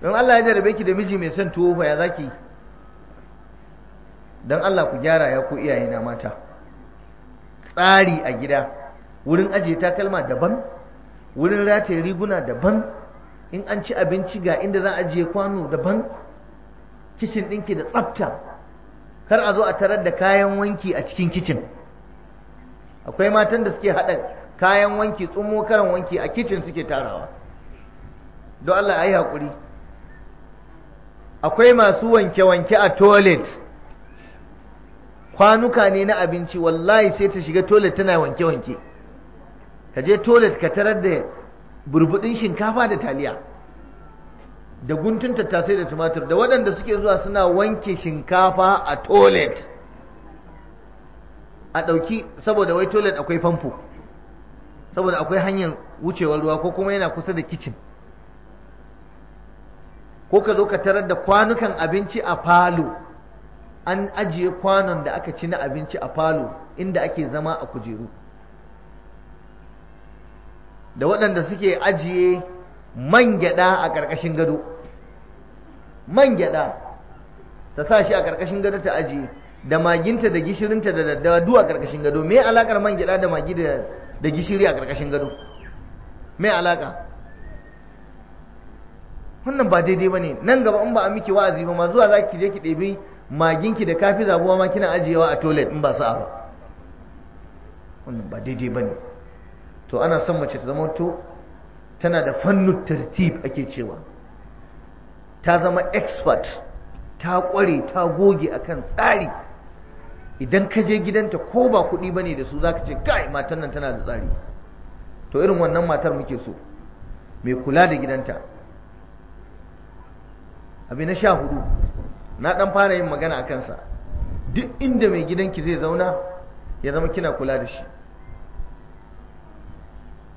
don Allah ya jarabe ki da miji mai son tuwo fa ya zaki don Allah ku gyara ya ku iyaye na mata tsari a gida wurin ajiye takalma daban wurin rataye riguna daban in an ci abinci ga inda za a ajiye kwano daban kicin ɗinki da tsafta kar a zo a tarar da kayan wanki a cikin kicin akwai matan da suke haɗa kayan wanki tsummo karan wanki a kicin suke tarawa don Allah ayi haƙuri akwai masu wanke-wanke a toilet kwanuka ne na abinci wallahi sai ta shiga toilet tana wanke-wanke ka je toilet ka tarar da burbudin shinkafa da taliya da guntun tattasai da tumatur da waɗanda suke zuwa suna wanke shinkafa a toilet a ɗauki saboda wai toilet akwai famfo saboda akwai hanyar wucewar ruwa ko kuma yana kusa da kicin ko ka zo ka tarar da kwanukan abinci a falo an ajiye kwanon da aka ci na abinci a falo inda ake zama a kujeru da waɗanda suke ajiye man gyaɗa a ƙarƙashin gado man gyaɗa ta sa shi a ƙarƙashin gado ta ajiye da maginta da gishirinta da daddawa duwa karkashin gado me alakar man gida da magi da gishiri a karkashin gado me alaka wannan ba daidai bane nan gaba in ba a miki wa'azi ba ma zuwa zaki je ki debi maginki da kafi zabuwa ma kina ajiyewa a toilet in ba sa'a ba wannan ba daidai bane to ana son mace ta zama to tana da fannu tartib ake cewa ta zama expert ta kware ta goge akan tsari idan ka je gidanta ko ba kuɗi ba ne da su za ka ce kai matan nan tana da tsari to irin wannan matar muke so mai kula da gidanta abin na sha hudu na ɗan fara yin magana a kansa duk inda mai gidanki zai zauna ya zama kina kula da shi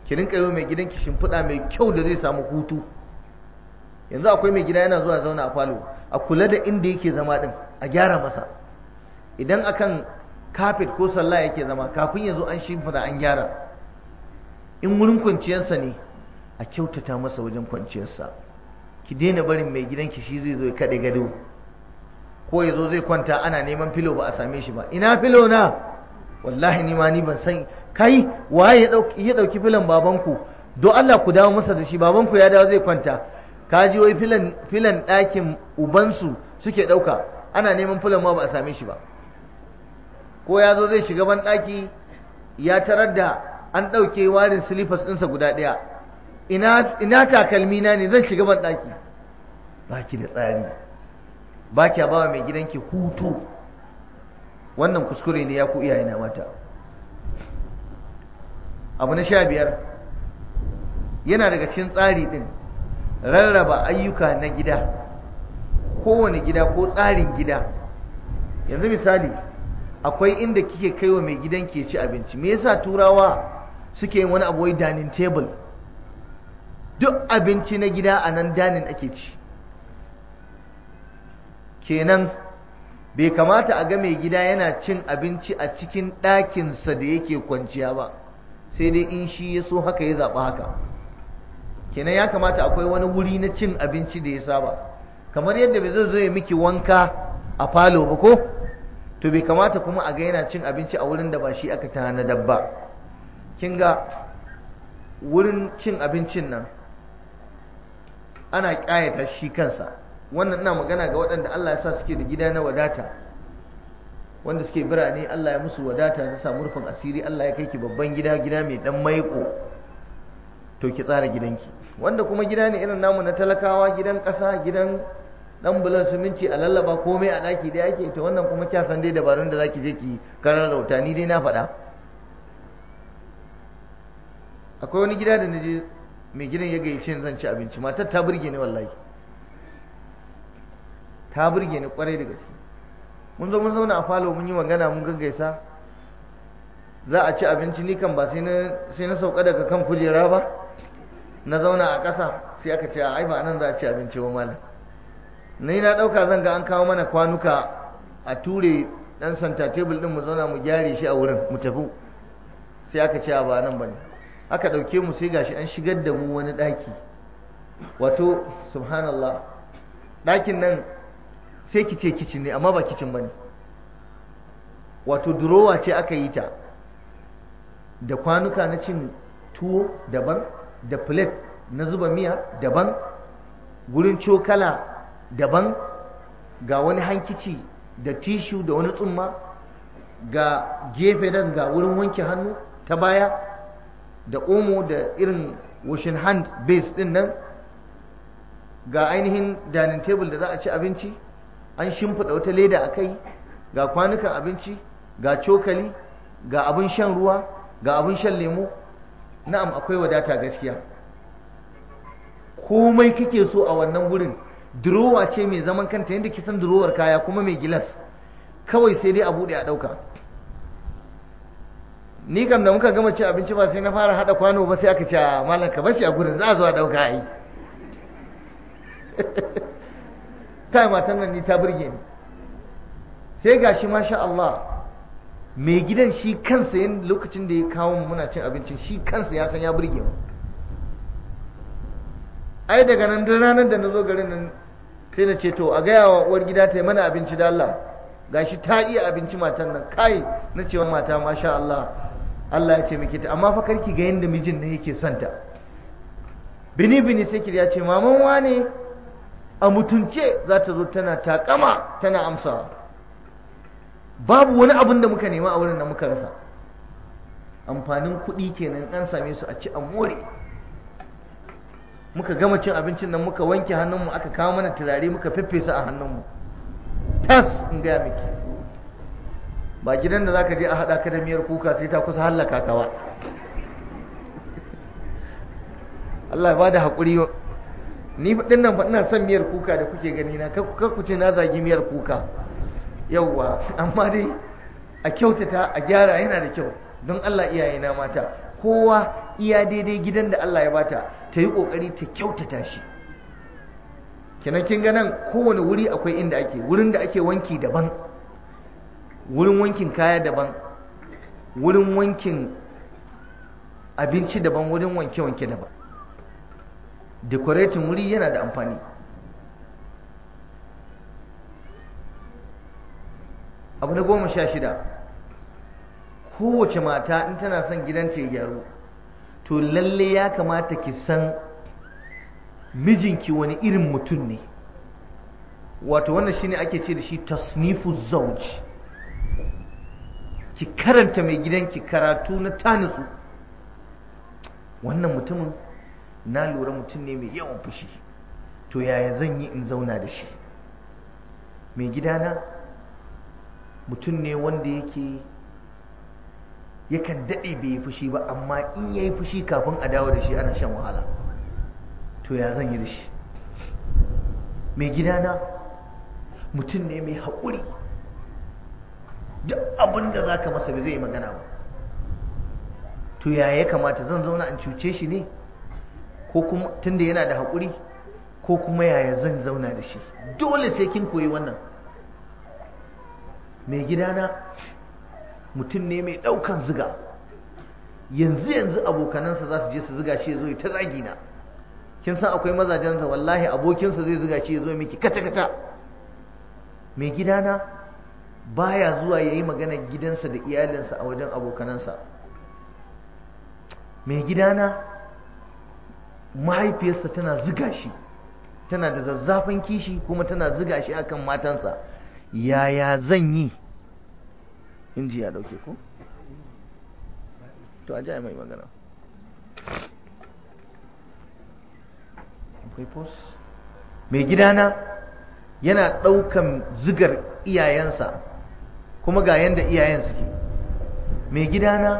ki rinka yau mai gidanki shimfiɗa mai kyau da zai samu hutu yanzu akwai mai gida yana zuwa zauna a falo a kula da inda yake zama din a gyara masa idan akan kafet ko sallah yake zama kafin ya zo an shimfida an gyara in wurin kwanciyarsa ne a kyautata masa wajen kwanciyarsa ki daina barin mai gidan ki shi zai zo ya gado ko ya zo zai kwanta ana neman filo ba a same shi ba ina filo na wallahi ni ma ni ban san kai waye ya ɗauki filon babanku don Allah ku dawo masa da shi babanku ya dawo zai kwanta ka ji wai filan ɗakin ubansu suke ɗauka ana neman filon ma ba a same shi ba ko ya zo zai shiga banɗaki ya tarar da an ɗauke warin silifas ɗinsa guda ɗaya ina takalmi na ne zan shiga banɗaki ba ki da tsari ba kya ba mai gidanki hutu wannan kuskure ne ya ku iyaye na mata abu na sha biyar yana daga cikin tsari ɗin rarraba ayyuka na gida kowane gida ko tsarin gida yanzu misali akwai inda kike kai wa mai gidan ke ci abinci me yasa turawa suke yin wani abu wai dining table duk abinci na gida a nan dining ake ci kenan bai kamata a ga mai gida yana cin abinci a cikin ɗakinsa da yake kwanciya ba sai dai in shi ya so haka ya zaɓi haka kenan ya kamata akwai wani wuri na cin abinci da ya saba kamar yadda bai zai zo ya miki wanka a falo ba ko to bai kamata kuma a ga yana cin abinci a wurin da ba shi aka na dabba. kin ga wurin cin abincin nan ana ƙayata shi kansa wannan ina magana ga waɗanda Allah ya sa suke da gida na wadata wanda suke birane Allah ya musu wadata na samu rufin asiri Allah ya kai ki babban gida gida mai dan maiko to ki tsara gidanki wanda kuma gida ne irin namu na talakawa gidan ƙasa gidan dan bulan minci a lallaba komai a daki da yake ta wannan kuma kya san dai dabarun da zaki je ki karar rauta ni dai na faɗa akwai wani gida da naje mai gidan ya gayyace zan ci abinci matar ta burge ni wallahi ta burge ni kwarai da gaske mun zo mun zauna a falo mun yi magana mun gaggaisa za a ci abinci ni kan ba sai na sai na sauka daga kan kujera ba na zauna a ƙasa sai aka ce a ai ba nan za a ci abinci ba malam ni na ɗauka zan ga an kawo mana kwanuka a ture ɗan santa tebul ɗin mu zauna mu gyare shi a wurin mu tafi sai aka ce ba nan bane aka ɗauke mu sai gashi an shigar da mu wani ɗaki wato subhanallah ɗakin nan sai kice kicin ne amma ba kicin bane wato durowa ce aka yi ta da kwanuka na cin tuwo daban da plate na zuba miya daban gurin cokala daban ga wani hankici da tishu da wani tsumma ga gefe nan ga wurin wanke hannu ta baya da omo da irin washing hand base din nan ga ainihin dining table da za a ci abinci an shimfiɗa wata leda a kai ga kwanukan abinci ga cokali ga abin shan ruwa ga abin shan lemo na'am akwai wadata gaskiya komai kike so a wannan wurin durowa ce mai zaman kanta yadda kisan durowar kaya kuma mai gilas kawai sai dai a buɗe a ɗauka ni kam da muka gama ci abinci ba sai na fara haɗa kwano ba sai aka ce a ah, malam ka bashi a gurin za a zo a ɗauka a yi yi matan nan ni ta burge ni sai gashi masha Allah mai gidan shi kansa yin lokacin da ya kawo muna cin abinci shi kansa ya san ya burge mu ai daga nan duk ranar da na zo garin nan sai na ce to a gaya wa uwar gida ta yi mana abinci da Allah gashi ta iya abinci matan nan kai na ce mata masha Allah Allah ya taimake ta amma fa karki ga yanda mijin ne yake son ta bini bini sai kirya ce maman wane a mutunce za ta zo tana takama tana amsa babu wani abin da muka nema a wurin da muka rasa amfanin kuɗi kenan an same su a ci a more muka gama cin abincin nan muka wanke mu aka kawo mana turare muka fefesa a hannunmu tas in gaya miki ba gidan da zaka je a haɗa ka da miyar kuka sai ta kusa hallaka ka ba Allah ya bada haƙuri ni din nan ina son miyar kuka da kuke gani na kar ku ce na zagi miyar kuka yawwa amma dai a kyautata a gyara yana da kyau don Allah iyayena mata kowa iya daidai gidan da Allah ya bata ta yi ƙoƙari ta kyautata shi kenan kin ga nan kowane wuri akwai inda ake wurin da ake wanki daban wurin wankin kaya daban wurin wankin abinci daban wurin wanke-wanke daban decorating wuri yana da amfani abu na goma sha shida kowace mata in tana son gidan ce gyaru to lalle ya kamata ki san mijinki wani irin mutum ne wato wannan shine ake ce da shi tasnifu zauj ki karanta mai gidanki karatu na tanisu wannan mutumin na lura mutum ne mai yawan fushi to yaya zan yi in zauna da shi mai gidana mutum ne wanda yake yakan daɗe bai yi fushi ba amma in ya yi fushi kafin a dawo da shi ana shan wahala to ya zan yi da shi mai gidana mutum ne mai haƙuri duk abin da za ka masa bai zai magana ba to ya ya kamata zan zauna in cuce shi ne ko kuma tunda yana da haƙuri ko kuma yaya zan zauna da shi dole sai kin koyi wannan mai gidana mutum ne mai ɗaukan ziga yanzu yanzu abokanansa za su je su ziga shi ya zo ta zagina kin san akwai mazajensa wallahi abokinsa zai ziga shi ya zo miki kata kata mai gidana baya zuwa ya yi magana gidansa da iyalinsa a wajen abokanansa mai gidana mahaifiyarsa tana ziga shi tana da zazzafin kishi kuma tana ziga shi akan matansa yaya zan yi inji ya dauke ko to aje mai magana akwai mai gidana yana ɗaukan zigar iyayensa kuma ga yanda iyayen suke mai gidana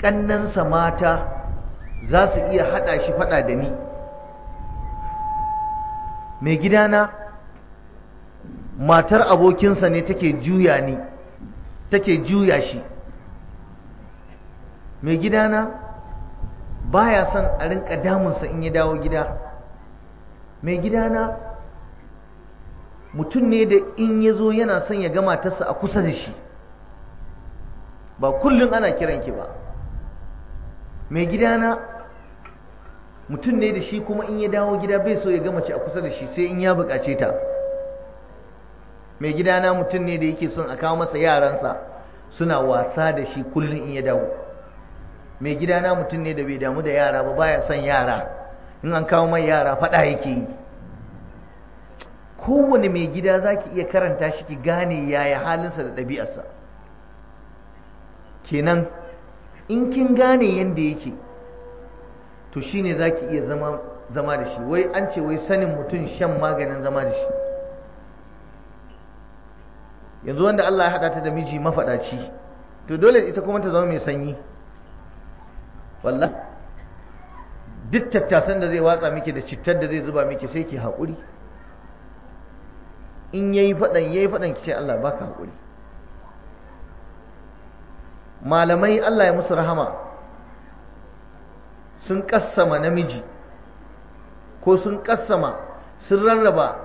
ƙannansa mata za su iya haɗa shi faɗa da ni mai gidana matar abokinsa ne take juya ni take juya shi mai gidana ba ya son a rinka damunsa in ya dawo gida mai gidana mutum ne da in ya zo yana son ya gama matarsa a kusa da shi ba kullum ana kiranki ba mai gidana mutum ne da shi kuma in ya dawo gida bai so ya gama ce a kusa da shi sai in ya buƙace ta mai gidana mutum ne da yake son a kawo masa yaransa suna wasa da shi kullum in ya dawo mai gidana mutum ne da bai damu da yara ba baya son yara in an kawo mai yara faɗa yake yi kowane mai gida za ki iya karanta shi ki gane yaya halinsa da ɗabi'arsa kenan in kin gane yadda yake to shine za ki iya zama da shi wai an ce wai sanin mutum shan maganin zama da shi yanzu wanda Allah ya hada ta da miji mafadaci to dole ita kuma ta zama mai sanyi wallah duk tattasan da zai watsa miki da cittar da zai zuba miki sai ki haƙuri in yayi fadan yayi fadan ki ce Allah baka haƙuri malamai Allah ya musu rahama sun kassama namiji ko sun kassama sun rarraba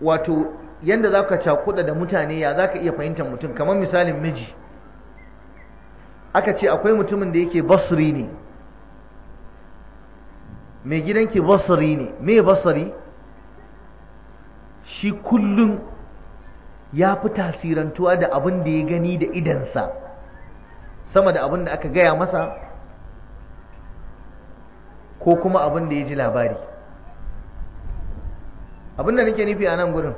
wato yanda za ka cakuɗa da mutane ya za ka iya fahimtar mutum kamar misalin miji aka ce akwai mutumin da yake basri ne mai gidanki basri ne me basri shi kullum ya fi tasirantuwa da abin da ya gani da idansa sama da abin da aka gaya masa ko kuma abin da ya ji labari abin da nake nufi a nan gudun.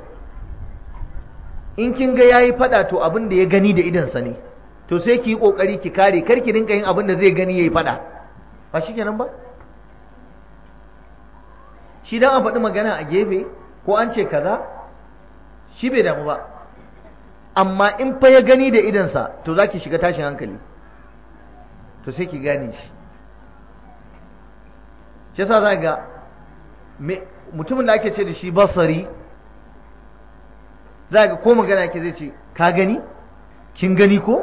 in kin ga yayi fada to abin da ya gani da idansa ne to sai ki yi kokari ki kare kar ki rinka yin abin da zai gani yayi fada ba shikenan ba shi dan a faɗi magana a gefe ko an ce kaza shi bai damu ba amma in fa ya gani da idansa to za ki shiga tashin hankali to sai ki gane shi shi yasa za ga mutumin da ake ce da shi basari za ga ko magana ke zai ce ka gani kin gani ko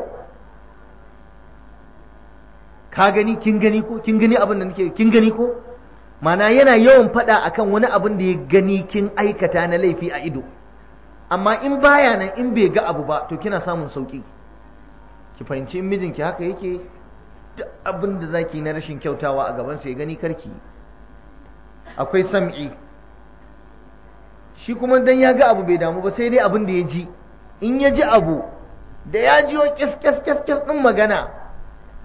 ka gani kin gani ko kin gani abin da nake kin gani ko mana yana yawan faɗa akan wani abin da ya gani kin aikata na laifi a ido amma in baya nan in bai ga abu ba to kina samun sauƙi? ki fahimci in mijinki haka yake duk abin da zaki na rashin kyautawa a gaban sa ya gani karki akwai sam'i shi kuma dan ya ga abu bai damu ba sai dai abin da ya ji in ya ji abu da ya jiyo kis kis kis kis din magana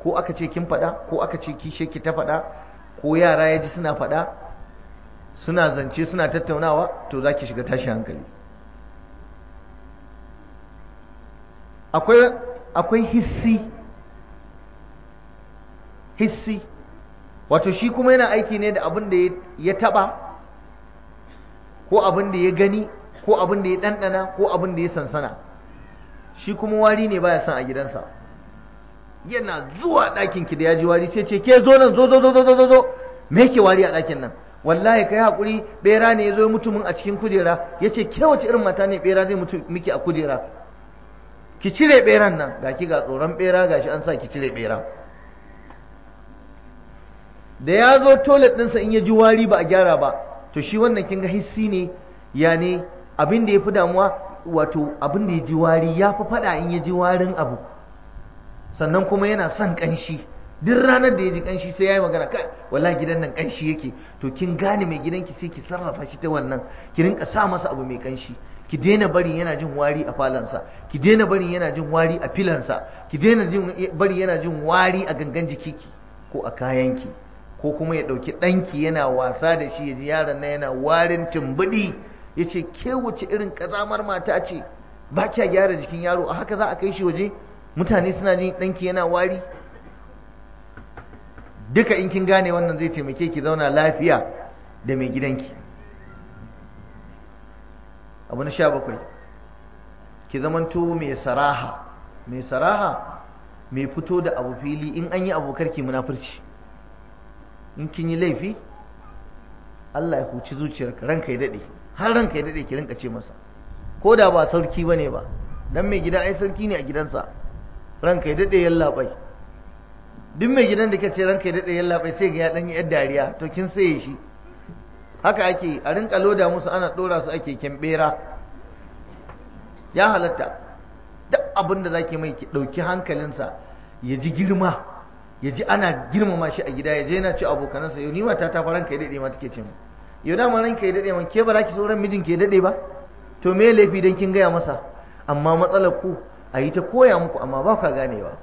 ko aka ce kin faɗa ko aka ce kishe ki ta faɗa ko yara ya ji suna faɗa suna zance suna tattaunawa to zaki shiga tashi hankali akwai akwai hissi hissi wato shi kuma yana aiki ne da abin da ya taba ko abin da ya gani ko abin da ya ɗanɗana ko abin da ya sansana shi kuma wari ne baya son a gidansa yana zuwa ɗakin ki da ya ji wari sai ce ke zo nan zo zo zo zo zo zo me ke wari a ɗakin nan wallahi kai hakuri bera ne ya zo mutumin a cikin kujera ya ce ke wace irin mata ne bera zai mutu miki a kujera ki cire beran nan ga ki ga tsoron bera gashi an sa ki cire bera. da ya zo toilet ɗinsa in ya ji wari ba a gyara ba to shi wannan kinga hissi ne yani abin da ya fi damuwa wato abin ya ji wari ya fi faɗa in ya ji warin abu sannan kuma yana son ƙanshi duk ranar da ya ji ƙanshi sai ya yi magana kai wala gidan nan ƙanshi yake to kin gane mai gidanki sai ki sarrafa shi ta wannan ki rinka sa masa abu mai ƙanshi ki daina barin yana jin wari a falansa ki daina barin yana jin wari a filansa ki daina bari yana jin wari a gangan jikiki ko a kayanki ko kuma ya ɗauki ɗanki yana wasa da shi ya ji yaron na yana warin tumbuɗi ya ce ke wuce irin ƙazamar mata ce ba kya gyara jikin yaro a haka za a kai shi waje mutane suna jin ɗanki yana wari duka in kin gane wannan zai taimake ki zauna lafiya da mai gidanki abu na sha bakwai ki zamanto mai saraha mai saraha mai fito da abu fili in an yi abokarki munafurci in kin yi laifi Allah ya huci zuciyarka ranka ya dade har ranka ya dade ki rinka ce masa ko da ba sarki bane ba dan mai gida ai sarki ne a gidansa ranka ya dade yalla bai duk mai gidan da kace ranka ya dade yalla bai sai ga ya dan yar dariya to kin saye shi haka ake a rinka loda musu ana dora su ake ɓera. ya halatta duk abin da zaki mai ki dauki hankalinsa ya ji girma ya ji ana girmama shi a gida ya je yana ce abokanansa yau ni mata ta faran kai daɗe ma take ce mu yau dama ran kai daɗe man ke ba za ki sauran mijin ke daɗe ba to me laifi dan kin gaya masa amma matsalar ku a yi ta koya muku amma ba ka ganewa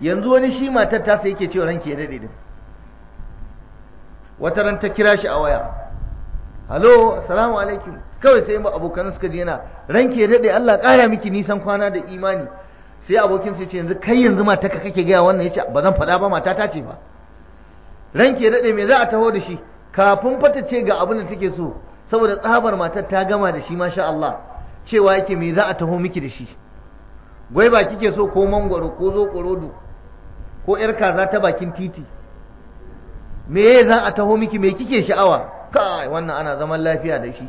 yanzu wani shi matar ta sai yake cewa ranki ya daɗe din wata ran ta kira shi a waya halo assalamu alaikum kawai sai abokanansa suka ji yana ranki ya daɗe Allah ƙara miki nisan kwana da imani sai abokin sai ce yanzu kai yanzu mata ka kake gaya wannan yace ba zan faɗa ba mata ta ce ba ranke daɗe me za a taho da shi kafin fata ce ga abin da take so saboda tsabar matar ta gama da shi masha Allah cewa yake me za a taho miki da shi gwai ba kike so ko mangwaro ko zo korodo ko yar kaza ta bakin titi me za a taho miki me kike sha'awa kai wannan ana zaman lafiya da shi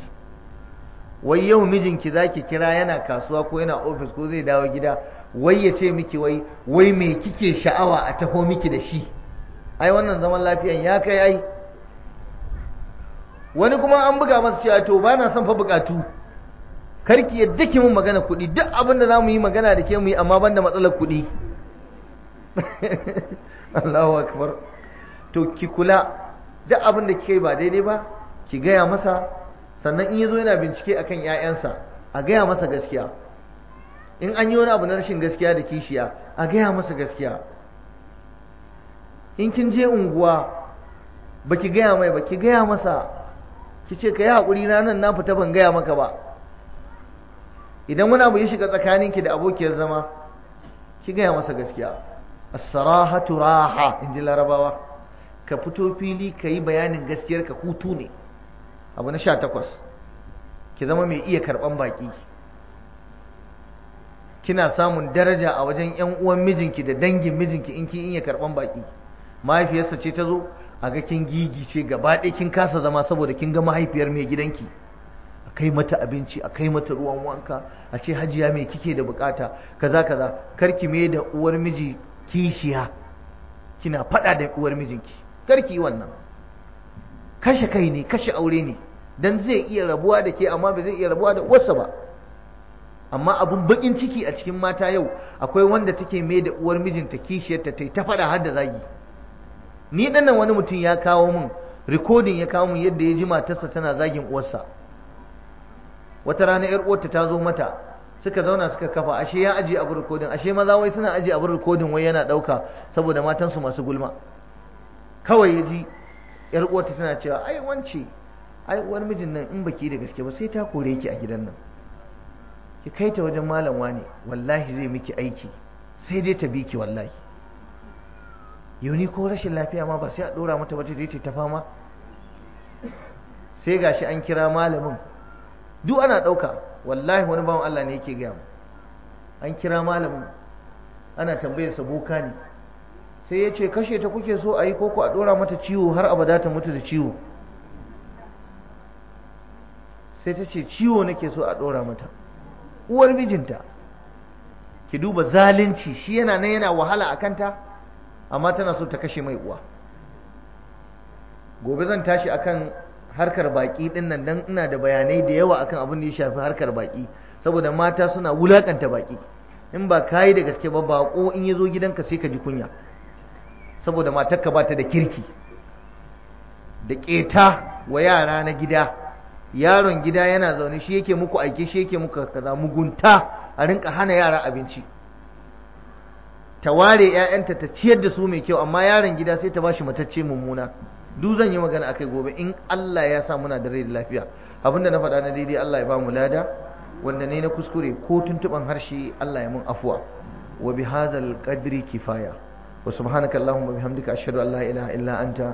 wai yau mijinki zaki kira yana kasuwa ko yana ofis ko zai dawo gida wai ya ce miki wai wai me kike sha'awa a taho miki da shi ai wannan zaman lafiyan ya kai ai wani kuma an buga masa cewa to ba na son fa bukatu karki yadda ki mun magana kuɗi duk abin da za mu yi magana da ke mu yi amma banda matsalar kuɗi Allahu akbar to ki kula duk abin da kike ba daidai ba ki gaya masa sannan in ya zo yana bincike akan 'ya'yansa a gaya masa gaskiya in an yi wani abu na rashin gaskiya da kishiya a gaya masa gaskiya in kin je unguwa ba ki gaya mai ba, ki gaya masa ki ce ka yi haƙuri ranar na fita ban gaya maka ba idan wani abu ya shiga tsakaninki da abokiyar zama ki gaya masa gaskiya as-sarahatu raha in ji larabawa ka fito fili ka yi bayanin gaskiyar ka hutu ne abu na sha takwas ki zama mai iya karɓan baƙi kina samun daraja a wajen yan uwan mijinki da dangin mijinki in kin iya karban baki mahaifiyarsa ce ta zo a ga kin gigi ce gaba ɗaya kin kasa zama saboda kin ga mahaifiyar mai gidanki a kai mata abinci a kai mata ruwan wanka a ce hajiya mai kike da bukata kaza kaza karki me da uwar miji kishiya kina faɗa da uwar mijinki karki wannan kashe kai ne kashe aure ne dan zai iya rabuwa da ke amma ba zai iya rabuwa da uwarsa ba amma abun bakin ciki a cikin mata yau akwai wanda take mai da uwar mijinta kishiyarta ta ta faɗa har da zagi ni dan nan wani mutum ya kawo min recording ya kawo min yadda ya ji matarsa tana zagin uwarsa wata rana yar uwarta ta zo mata suka zauna suka kafa ashe ya aje abin recording ashe maza wai suna aje abin recording wai yana dauka saboda matansu masu gulma kawai ya ji yar uwarta tana cewa ai wance ai uwar mijin nan in baki da gaske ba sai ta kore ki a gidan nan ki kai ta wajen malam wani wallahi zai miki aiki sai dai ta bi ki wallahi yau ko rashin lafiya ma ba sai a ɗora mata wata da ta fama sai gashi an kira malamin duk ana ɗauka wallahi wani bawan Allah ne yake gaya mu an kira malamin ana tambayar sa boka ne sai ya ce kashe ta kuke so a yi koko a ɗora mata ciwo har abada ta mutu da ciwo sai ta ce ciwo nake so a ɗora mata uwar mijinta ki duba zalunci shi yana nan yana wahala a kanta amma tana so ta kashe mai uwa gobe zan tashi akan harkar baki din nan dan ina da bayanai da yawa akan abin da ya shafi harkar baki saboda mata suna wulakanta baki in ba kayi da gaske ba bako in ya zo gidanka sai ka ji kunya saboda matarka ba ta da kirki da keta wa yara na gida yaron gida yana zaune shi yake muku aike shi yake muku kaza mugunta a rinka hana yara abinci ta ware 'ya'yanta ta ciyar da su mai kyau amma yaron gida sai ta ba shi matacce mummuna duk zan yi magana akai gobe in Allah ya sa muna da rai da lafiya da na faɗa na daidai Allah ya ba mu lada wanda ne na kuskure ko tuntuban harshe Allah ya mun afuwa wa bi hadzal qadri kifaya wa subhanaka allahumma bihamdika ashhadu an la ilaha illa anta